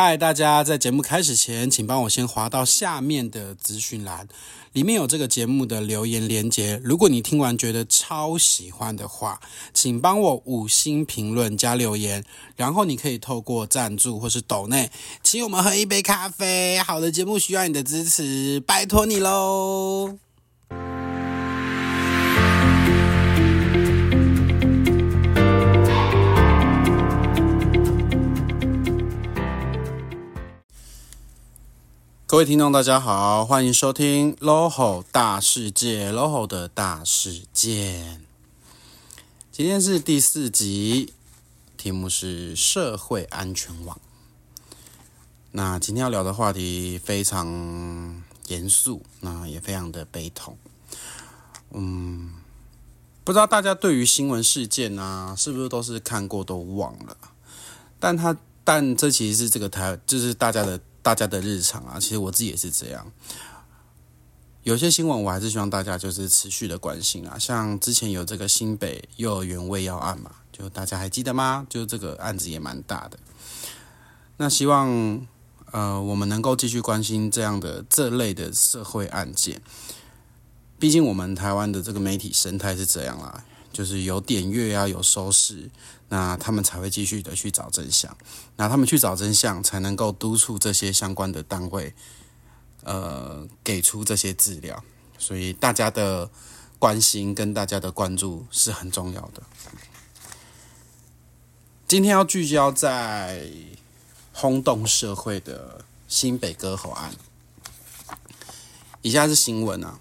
嗨，大家，在節目開始前，請幫我先滑到下面的資訊欄，裡面有這個節目的留言鏈接。如果你聽完覺得超喜歡的話，請幫我五星評論加留言，然後你可以透過贊助或是抖內請我們喝一杯咖啡。好的節目需要你的支持，拜託你嘍。各位聽眾，大家好，歡迎收聽《LoHo 大世界》，LoHo 的大事件。今天是第四集，題目是“社會安全網”。那今天要聊的話題非常嚴肅，那也非常的悲痛。嗯，不知道大家對於新聞事件啊，是不是都是看過都忘了？但他，但這其實是這個台，就是大家的。大家的日常啊，其實我自己也是這樣。有些新聞我還是希望大家就是持續的關心啊，像之前有這個新北幼兒園餵藥案嘛，就大家還記得嗎？就這個案子也蠻大的。那希望呃我們能夠繼續關心這樣的這類的社會案件，畢竟我們台灣的這個媒體生態是這樣啦，啊，就是有點閱啊，有收視。那他們才會繼續的去找真相，那他們去找真相，才能夠督促這些相關的單位，呃，給出這些資料。所以大家的關心跟大家的關注是很重要的。今天要聚焦在轟動社會的新北割喉案。以下是新聞啊，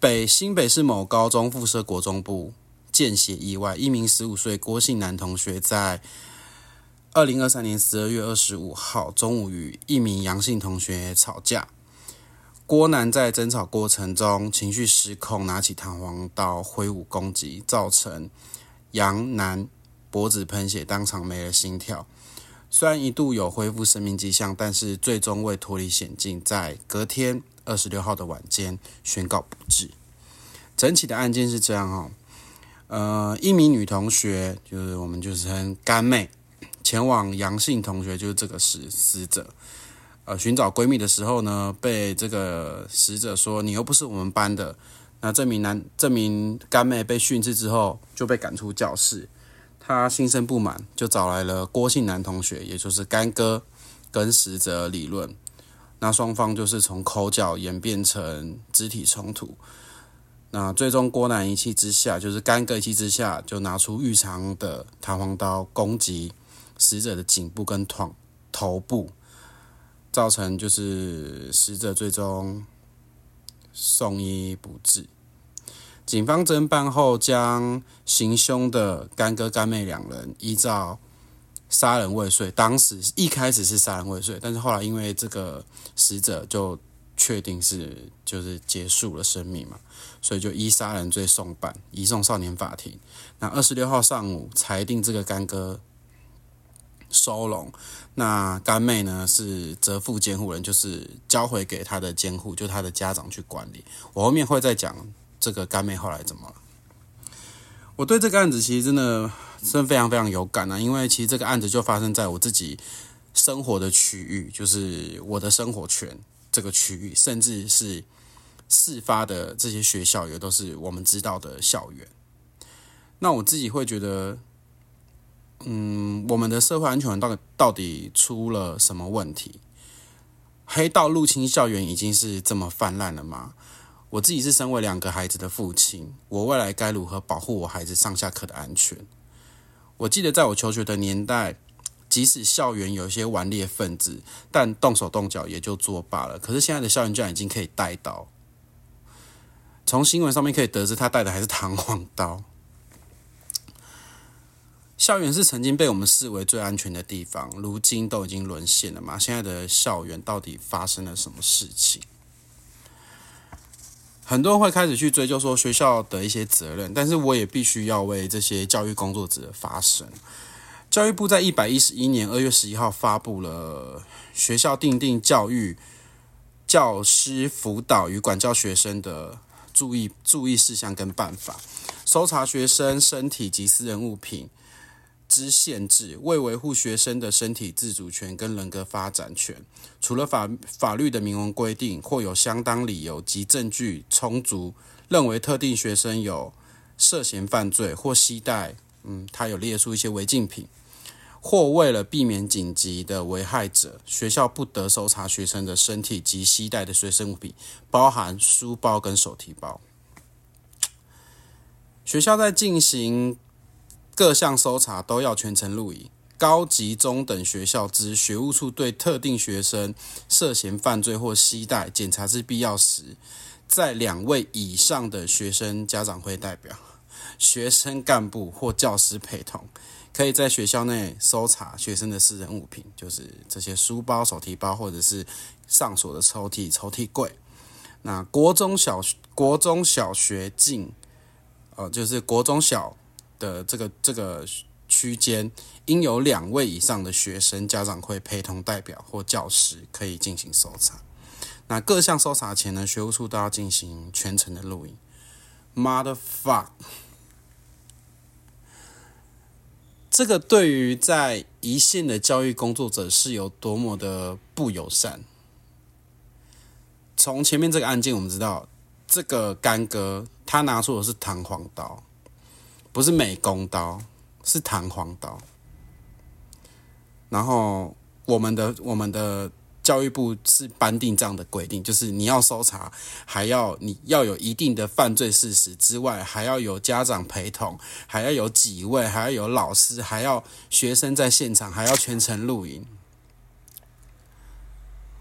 北新北市某高中附設國中部。見血意外，一名十五歲郭姓男同學在二零二三年十二月二十五號中午與一名楊姓同學吵架。郭男在爭吵過程中情緒失控，拿起彈簧刀揮舞攻擊，造成楊男脖子噴血，當場沒了心跳。雖然一度有恢復生命跡象，但是最終未脫離險境，在隔天二十六號的晚間宣告不治。整起的案件是這樣哦。呃，一名女同學，就是我們就是稱乾妹，前往楊姓同學，就是這個死死者，呃，尋找閨蜜的時候呢，被這個死者說你又不是我們班的，那這名男這名乾妹被訓斥之後就被趕出教室，她心生不滿，就找來了郭姓男同學，也就是乾哥，跟死者理論，那雙方就是從口角演變成肢體衝突。那最終郭男一氣之下，就是乾哥一氣之下，就拿出預藏的彈簧刀攻擊死者的頸部跟頭頭部，造成就是死者最終送醫不治。警方偵辦後，將行凶的乾哥乾妹兩人依照殺人未遂，當時一開始是殺人未遂，但是後來因為這個死者就。確定是就是結束了生命嘛，所以就依殺人罪送辦，移送少年法庭。那二十六號上午裁定這個乾哥收容，那乾妹呢是責付監護人，就是交回給他的監護，就他的家長去管理。我後面會再講這個乾妹後來怎麼了。我對這個案子其實真的是非常非常有感啊，因為其實這個案子就發生在我自己生活的區域，就是我的生活圈。這個區域，甚至是事發的這些學校，也都是我們知道的校園。那我自己會覺得，嗯，我們的社會安全到底到底出了什麼問題？黑道入侵校園已經是這麼氾濫了嗎？我自己是身為兩個孩子的父親，我未來該如何保護我孩子上下課的安全？我記得在我求學的年代。即使校園有一些頑劣分子，但動手動腳也就作罷了。可是現在的校園居然已經可以帶刀，從新聞上面可以得知，他帶的還是彈簧刀。校園是曾經被我們視為最安全的地方，如今都已經淪陷了嗎？現在的校園到底發生了什麼事情？很多人會開始去追究說學校的一些責任，但是我也必須要為這些教育工作者發聲。教育部在一百一十一年二月十一號發布了《學校定定教育教師輔導與管教學生的注意注意事項跟辦法》，搜查學生身體及私人物品之限制，為維護學生的身體自主權跟人格發展權，除了法法律的明文規定或有相當理由及證據充足，認為特定學生有涉嫌犯罪或攜帶，嗯，他有列出一些違禁品。或為了避免緊急的危害者，學校不得搜查學生的身體及攜帶的隨身物品，包含書包跟手提包。學校在進行各項搜查都要全程錄影。高級中等學校之學務處對特定學生涉嫌犯罪或攜帶檢查之必要時，在兩位以上的學生家長會代表、學生幹部或教師陪同。可以在學校內搜查學生的私人物品，就是這些書包、手提包或者是上鎖的抽屜、抽屜櫃。那國中小學國中小學進，呃，就是國中小的這個這個區間，應有兩位以上的學生家長會陪同代表或教師可以進行搜查。那各項搜查前呢，學務處都要進行全程的錄音。Mother fuck。這個對於在一線的教育工作者是有多麼的不友善，從前面這個案件我們知道，這個乾哥他拿出的是彈簧刀，不是美工刀，是彈簧刀。然後我們的我們的。教育部是頒定這樣的規定，就是你要搜查，還要你要有一定的犯罪事實之外，還要有家長陪同，還要有幾位，還要有老師，還要學生在現場，還要全程錄音。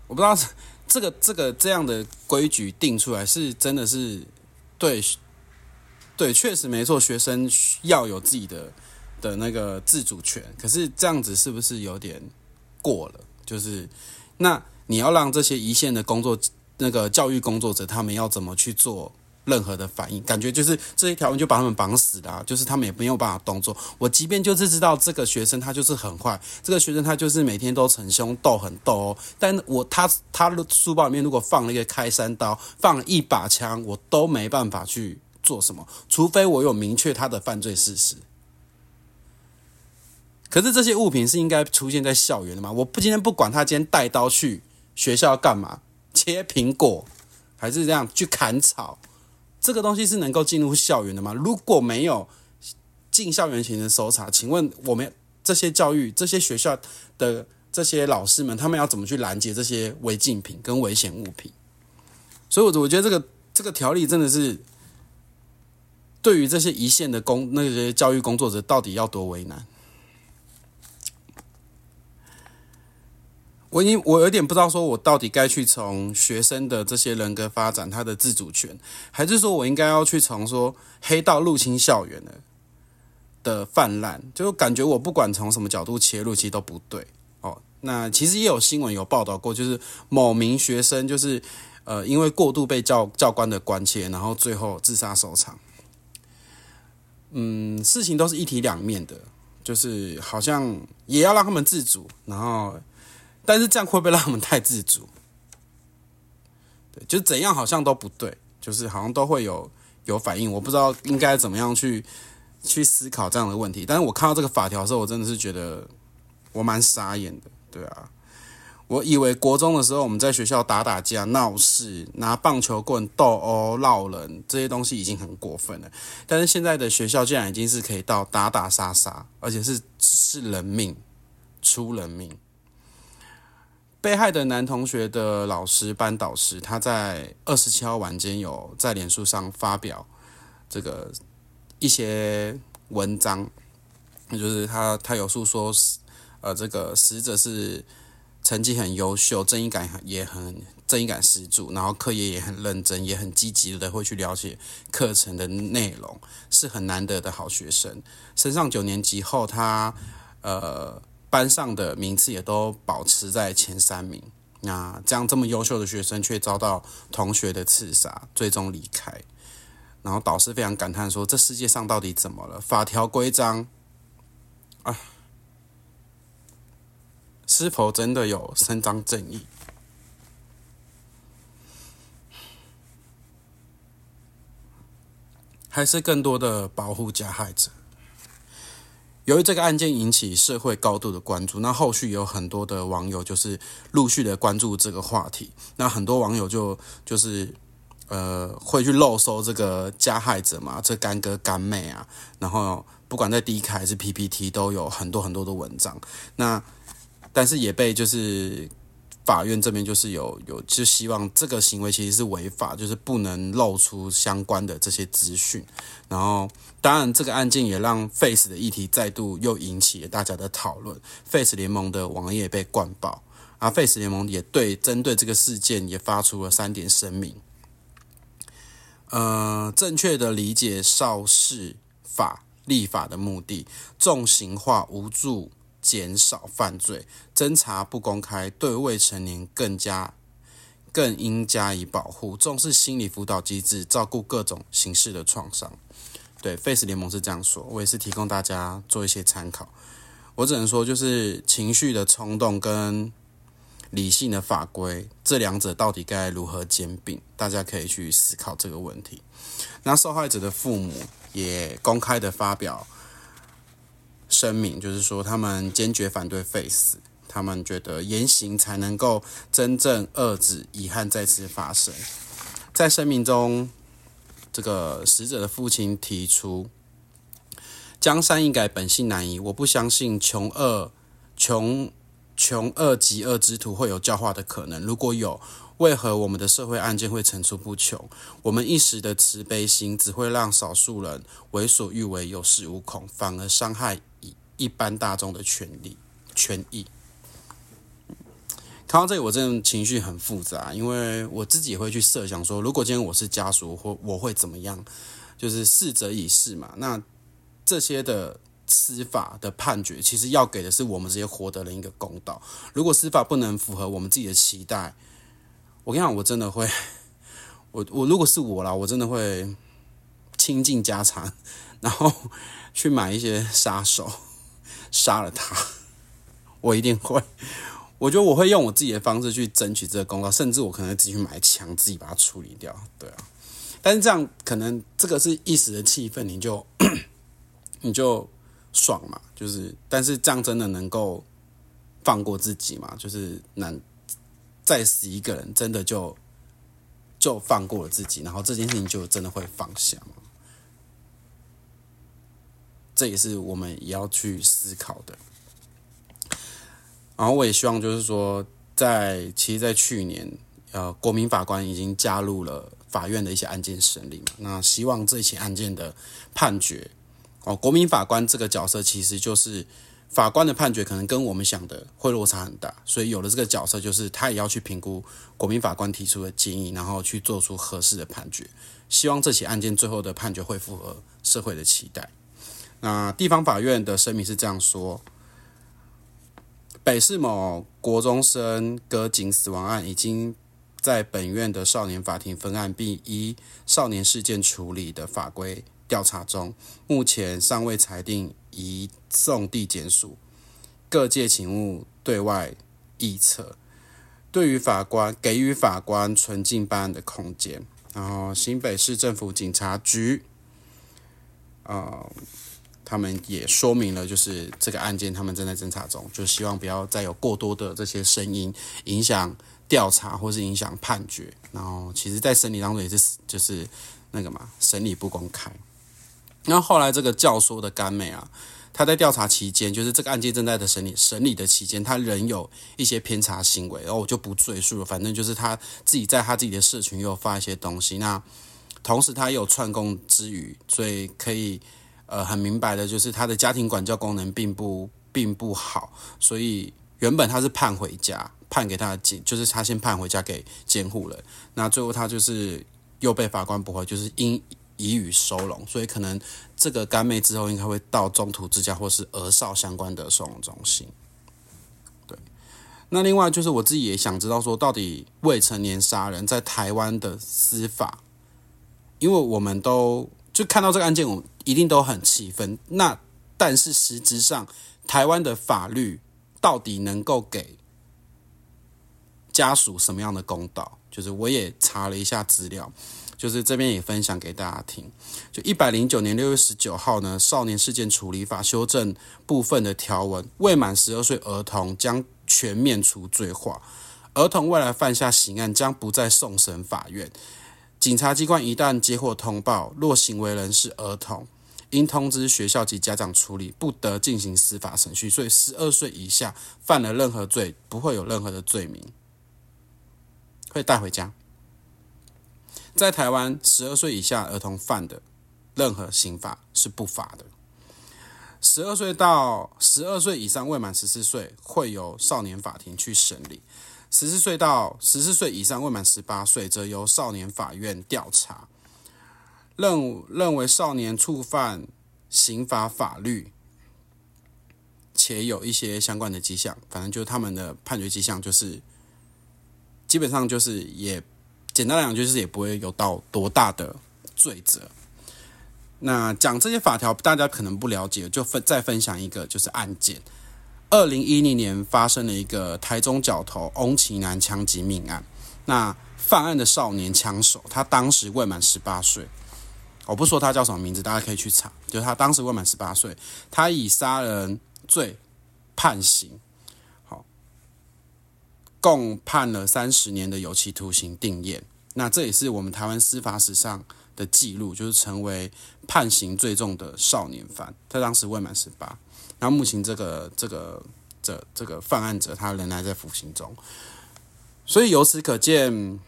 我不知道這個這個這樣的規矩定出來是真的是對，對，確實沒錯，學生要有自己的的那個自主權。可是這樣子是不是有點過了？就是。那你要讓這些一線的工作，那個教育工作者，他們要怎麼去做任何的反應？感覺就是這些條文就把他們綁死了啊，就是他們也沒有辦法動作。我即便就是知道這個學生他就是很壞，這個學生他就是每天都逞凶鬥狠鬥哦，但我他他的書包裡面如果放了一個開山刀，放了一把槍，我都沒辦法去做什麼，除非我有明確他的犯罪事實。可是這些物品是應該出現在校園的嗎？我不今天不管他，今天帶刀去學校幹嘛？切蘋果還是這樣去砍草？這個東西是能夠進入校園的嗎？如果沒有進校園前的搜查，請問我們這些教育、這些學校的這些老師們，他們要怎麼去攔截這些違禁品跟危險物品？所以，我我覺得這個這個條例真的是對於這些一線的工那些教育工作者，到底要多為難？我已經我有點不知道，說我到底該去從學生的這些人格發展、他的自主權，還是說我應該要去從說黑道入侵校園的的泛濫，就感覺我不管從什麼角度切入，其實都不對哦。那其實也有新聞有報道過，就是某名學生就是呃，因為過度被教教官的關切，然後最後自殺收場。嗯，事情都是一體兩面的，就是好像也要讓他們自主，然後。但是這樣會不會讓我們太自主？對，就怎樣好像都不對，就是好像都會有有反應，我不知道應該怎麼樣去去思考這樣的問題。但是我看到這個法條的時候，我真的是覺得我蠻傻眼的。對啊，我以為國中的時候我們在學校打打架、鬧事、拿棒球棍鬥毆、鬧人這些東西已經很過分了，但是現在的學校竟然已經是可以到打打殺殺，而且是是人命出人命。被害的男同學的老師、班導師，他在二十七號晚間有在臉書上發表這個一些文章，就是他他有訴說，呃，這個死者是成績很優秀，正義感也很正義感十足，然後課業也很認真，也很積極地會去了解課程的內容，是很難得的好學生。升上九年級後，他呃。班上的名次也都保持在前三名，那這樣這麼優秀的學生卻遭到同學的刺殺，最終離開，然後導師非常感嘆說：“這世界上到底怎麼了？法條規章啊，是否真的有伸張正義？還是更多的保護加害者？”由於這個案件引起社會高度的關注，那後續有很多的網友就是陸續的關注這個話題。那很多網友就就是呃會去肉搜這個加害者嘛，這乾哥乾妹啊，然後不管在 Dcard 還是 P P T，都有很多很多的文章。那但是也被就是。法院這邊就是有有就希望這個行為其實是違法，就是不能露出相關的這些資訊。然後，當然這個案件也讓廢死的議題再度又引起了大家的討論，廢死聯盟的網頁被灌爆，而、啊、廢死聯盟也對針對這個事件也發出了三點聲明：呃，正確的理解少事法立法的目的，重刑化無助。減少犯罪，偵查不公開，對未成年更加更應加以保護，重視心理輔導機制，照顧各種形式的創傷。對 FACE 聯盟是這樣說，我也是提供大家做一些參考。我只能說，就是情緒的衝動跟理性的法規，這兩者到底該如何兼併？大家可以去思考這個問題。那受害者的父母也公開的發表，聲明就是說，他們堅決反對廢死。他們覺得言行才能夠真正遏制遺憾再次發生。在聲明中，這個死者的父親提出：“江山易改，本性難移。我不相信窮惡、窮窮惡極惡之徒會有教化的可能。如果有。”為何我們的社會案件會層出不窮？我們一時的慈悲心只會讓少數人為所欲為，有恃無恐，反而傷害一般大眾的權利、權益。看到這裡，我這種情緒很複雜，因為我自己也會去設想說，如果今天我是家屬，或我會怎麼樣？就是逝者已逝嘛。那這些的司法的判決，其實要給的是我們這些活的人一個公道。如果司法不能符合我們自己的期待，我跟你講，我真的會，我我如果是我啦，我真的會傾盡家產，然後去買一些殺手，殺了他，我一定會。我覺得我會用我自己的方式去爭取這個公道，甚至我可能自己去買槍，自己把它處理掉。對啊，但是這樣可能這個是一時的氣氛，你就 你就爽嘛，就是，但是這樣真的能夠放過自己嘛？就是難。再死一個人，真的就就放過了自己，然後這件事情就真的會放下。這也是我們也要去思考的。然後我也希望，就是說，在其實，在去年，呃，國民法官已經加入了法院的一些案件審理嘛，那希望這起案件的判決，哦、呃，國民法官這個角色其實就是。法官的判決可能跟我們想的會落差很大，所以有了這個角色，就是他也要去評估國民法官提出的建議，然後去做出合適的判決。希望這起案件最後的判決會符合社會的期待。那地方法院的聲明是這樣說：北市某國中生割頸死亡案，已經在本院的少年法庭分案，並依少年事件處理的法規調查中，目前尚未裁定，移送地檢署，各界請勿對外臆測。對於法官給予法官純淨辦案的空間。然後新北市政府警察局，呃，他們也說明了，就是這個案件他們正在偵查中，就希望不要再有過多的這些聲音影響調查或是影響判決。然後其實，在審理當中也是，就是那個嘛，審理不公開。那後來這個教唆的乾妹啊，他在調查期間，就是這個案件正在的審理審理的期間，他仍有一些偏差行為，然後我就不贅述了。反正就是他自己在他自己的社群又發一些東西，那同時他也有串供之虞，所以可以呃很明白的，就是他的家庭管教功能並不並不好。所以原本他是判回家，判給他的就是他先判回家給監護人，那最後他就是又被法官駁回，就是因。予以收容，所以可能這個乾妹之後應該會到中途之家或是兒少相關的收容中心。對，那另外就是我自己也想知道，說到底未成年殺人在台灣的司法，因為我們都就看到這個案件，我們一定都很氣憤。那但是實質上，台灣的法律到底能夠給家屬什麼樣的公道？就是我也查了一下資料，就是這邊也分享給大家聽。就一百零九年六月十九號呢，少年事件處理法修正部分的條文，未滿十二歲兒童將全面除罪化，兒童未來犯下刑案將不再送審法院。警察機關一旦接獲通報，若行為人是兒童，應通知學校及家長處理，不得進行司法程序。所以十二歲以下犯了任何罪，不會有任何的罪名。會帶回家。在台灣，十二歲以下兒童犯的任何刑法是不法的。十二歲到十二歲以上未滿十四歲，會由少年法庭去審理；十四歲到十四歲以上未滿十八歲，則由少年法院調查，認認為少年觸犯刑法法律，且有一些相關的跡象。反正就是他們的判決跡象就是。基本上就是也簡單來講，就是也不會有到多大的罪責。那講這些法條，大家可能不了解，就分再分享一個，就是案件。二零一零年發生了一個台中角頭翁奇男槍擊命案。那犯案的少年槍手，他當時未滿十八歲，我不說他叫什麼名字，大家可以去查。就是他當時未滿十八歲，他以殺人罪判刑。共判了三十年的有期徒刑定讞，那這也是我們台灣司法史上的記錄，就是成為判刑最重的少年犯。他當時未滿十八，那目前這個這個這這個犯案者，他仍然在服刑中。所以由此可見，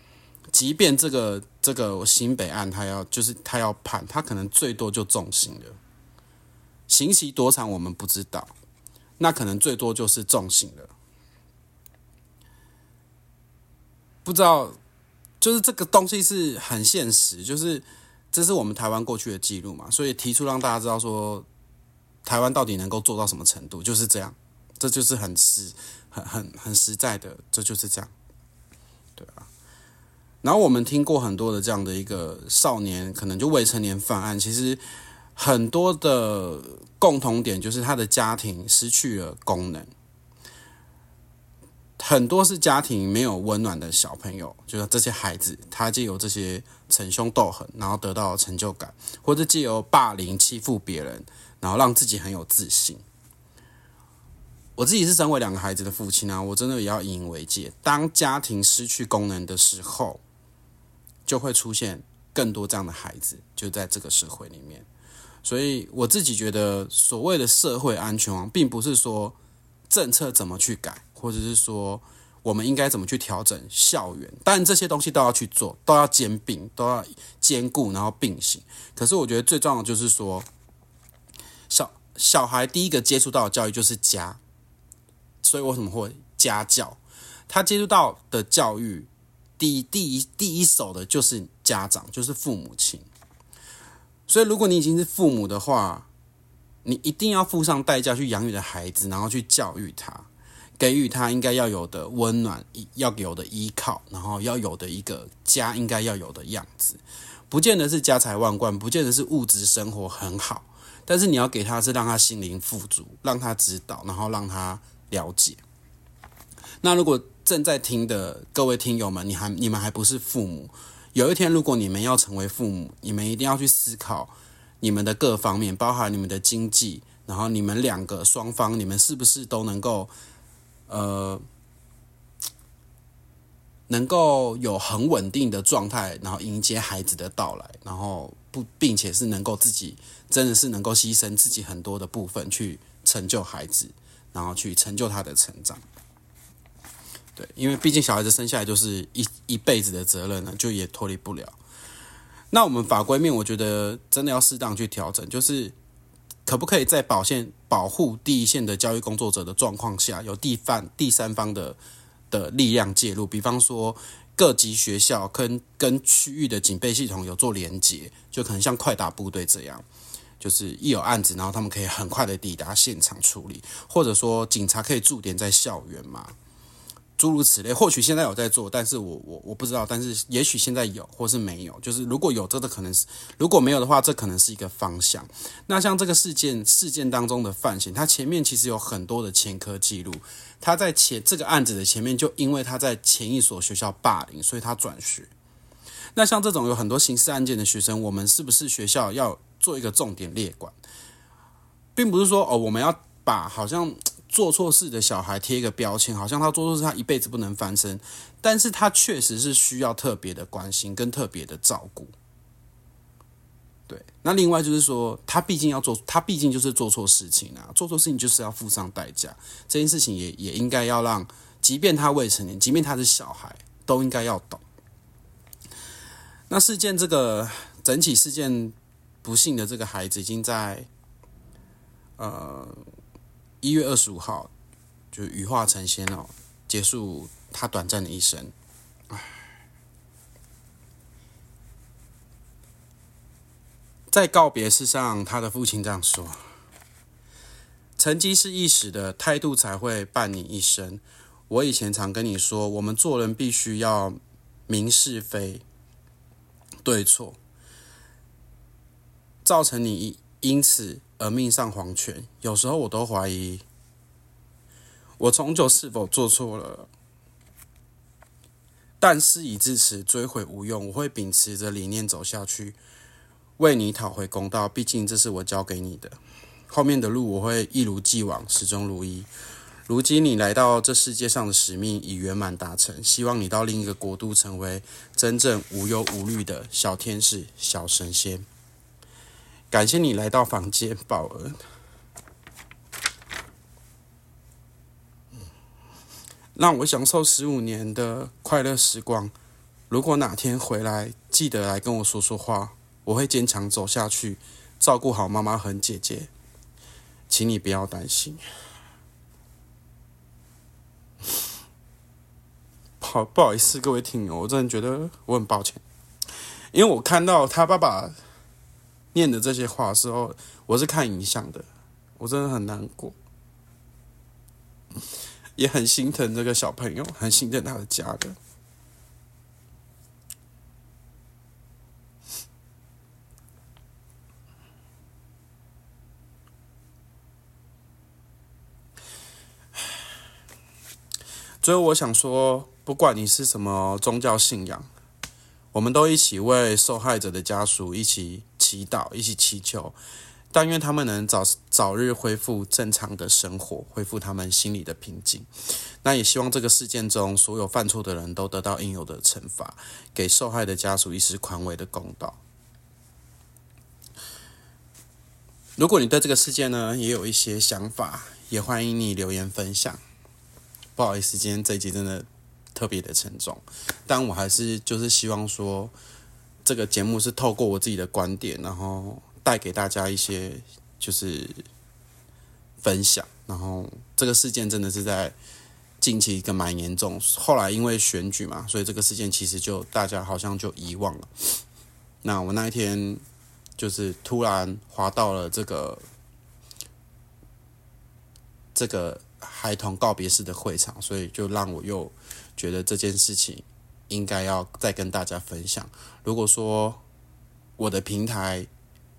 即便這個這個新北案，他要就是他要判，他可能最多就重刑了。刑期多長我們不知道，那可能最多就是重刑了。不知道，就是這個東西是很現實，就是這是我們台灣過去的記錄嘛，所以提出讓大家知道說，台灣到底能夠做到什麼程度，就是這樣，這就是很實、很很很實在的，這就是這樣，對啊。然後我們聽過很多的這樣的一個少年，可能就未成年犯案，其實很多的共同點就是他的家庭失去了功能。很多是家庭沒有溫暖的小朋友，就是這些孩子，他借由這些逞兇鬥狠，然後得到成就感，或者借由霸凌欺負別人，然後讓自己很有自信。我自己是身為兩個孩子的父親啊，我真的也要引以為戒。當家庭失去功能的時候，就會出現更多這樣的孩子，就在這個社會裡面。所以我自己覺得，所謂的社會安全網啊，並不是說政策怎麼去改。或者是說，我們應該怎麼去調整校園？當然，這些東西都要去做，都要兼併，都要兼顧，然後並行。可是，我覺得最重要的就是說，小小孩第一個接觸到的教育就是家，所以為什麼會家教？他接觸到的教育，第一、第一、第一手的就是家長，就是父母親。所以，如果你已經是父母的話，你一定要付上代價去養育的孩子，然後去教育他。給予他應該要有的溫暖，要有的依靠，然後要有的一個家應該要有的樣子，不見得是家財萬貫，不見得是物質生活很好，但是你要給他是讓他心靈富足，讓他知道，然後讓他了解。那如果正在聽的各位聽友們，你還你們還不是父母，有一天如果你們要成為父母，你們一定要去思考你們的各方面，包含你們的經濟，然後你們兩個雙方，你們是不是都能夠。呃，能夠有很穩定的狀態，然後迎接孩子的到來，然後不，並且是能夠自己真的是能夠犧牲自己很多的部分去成就孩子，然後去成就他的成長。對，因為畢竟小孩子生下來就是一一輩子的責任呢，就也脫離不了。那我們法規面，我覺得真的要適當去調整，就是可不可以在保險？保護第一線的教育工作者的狀況下，有地方第三方的的力量介入，比方說各級學校跟跟區域的警備系統有做連接，就可能像快打部隊這樣，就是一有案子，然後他們可以很快地抵達現場處理，或者說警察可以駐點在校園嘛。諸如此類，或許現在有在做，但是我我我不知道，但是也許現在有，或是沒有，就是如果有，這個可能是；如果沒有的話，這個、可能是一個方向。那像這個事件事件當中的范閑，他前面其實有很多的前科記錄，他在前這個案子的前面，就因為他在前一所學校霸凌，所以他轉學。那像這種有很多刑事案件的學生，我們是不是學校要做一個重點列管？並不是說哦，我們要把好像。做錯事的小孩貼一個標籤，好像他做錯事，他一輩子不能翻身。但是他確實是需要特別的關心跟特別的照顧。對，那另外就是說，他畢竟要做，他畢竟就是做錯事情啊，做錯事情就是要付上代價。這件事情也也應該要讓，即便他未成年，即便他是小孩，都應該要懂。那事件這個整起事件，不幸的這個孩子已經在，呃。一月二十五號，就羽化成仙了、哦，結束他短暫的一生。在告別式上，他的父親這樣說：“成績是一時的，態度才會伴你一生。我以前常跟你說，我們做人必須要明是非、對錯，造成你因此。”而命喪黃泉，有時候我都懷疑，我終究是否做錯了。但事已至此，追悔無用。我會秉持着理念走下去，為你討回公道。畢竟這是我教給你的。後面的路我會一如既往，始終如一。如今你來到這世界上的使命已圓滿達成，希望你到另一個國度，成為真正無憂無慮的小天使、小神仙。感謝你來到房間，寶兒。讓我享受十五年的快樂時光。如果哪天回來，記得來跟我說說話。我會堅強走下去，照顧好媽媽和姐姐。請你不要擔心。不好意思，各位聽友，我真的覺得我很抱歉，因為我看到他爸爸。念的這些話時候，我是看影像的，我真的很難過，也很心疼這個小朋友，很心疼他的家人。最後，我想說，不管你是什麼宗教信仰，我們都一起為受害者的家屬一起祈禱，一起祈求，但願他們能早早日恢復正常的生活，恢復他們心裡的平靜。那也希望這個事件中所有犯錯的人都得到應有的懲罰，給受害的家屬一絲寬慰的公道。如果你對這個事件呢也有一些想法，也歡迎你留言分享。不好意思，今天這一集真的特別的沉重，但我還是就是希望說。這個節目是透過我自己的觀點，然後帶給大家一些就是分享。然後這個事件真的是在近期一個蠻嚴重，後來因為選舉嘛，所以這個事件其實就大家好像就遺忘了。那我那一天就是突然滑到了這個這個孩童告別式的會場，所以就讓我又覺得這件事情。應該要再跟大家分享。如果說我的平台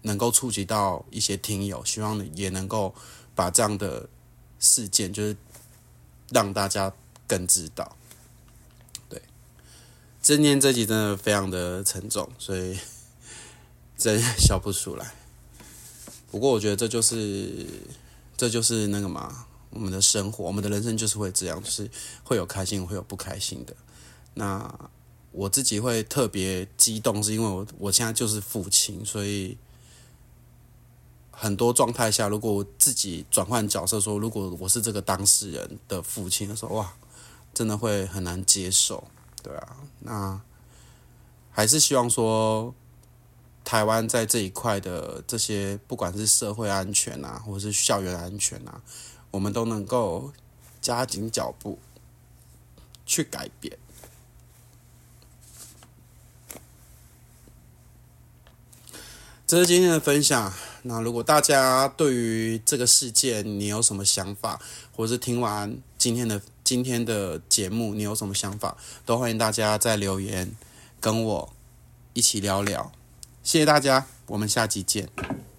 能夠觸及到一些聽友，希望也能夠把這樣的事件，就是讓大家更知道。對，今天這集真的非常的沉重，所以真笑不出來。不過我覺得這就是這就是那個嘛，我們的生活，我們的人生就是會這樣，就是會有開心，會有不開心的。那我自己會特別激動，是因為我我現在就是父親，所以很多狀態下，如果我自己轉換角色說，如果我是這個當事人的父親的時候，說哇，真的會很難接受，對啊，那還是希望說，台灣在這一塊的這些，不管是社會安全啊，或者是校園安全啊，我們都能夠加緊腳步去改變。這是今天的分享。那如果大家對於這個事件，你有什麼想法，或者是聽完今天的今天的節目，你有什麼想法，都歡迎大家在留言跟我一起聊聊。謝謝大家，我們下集見。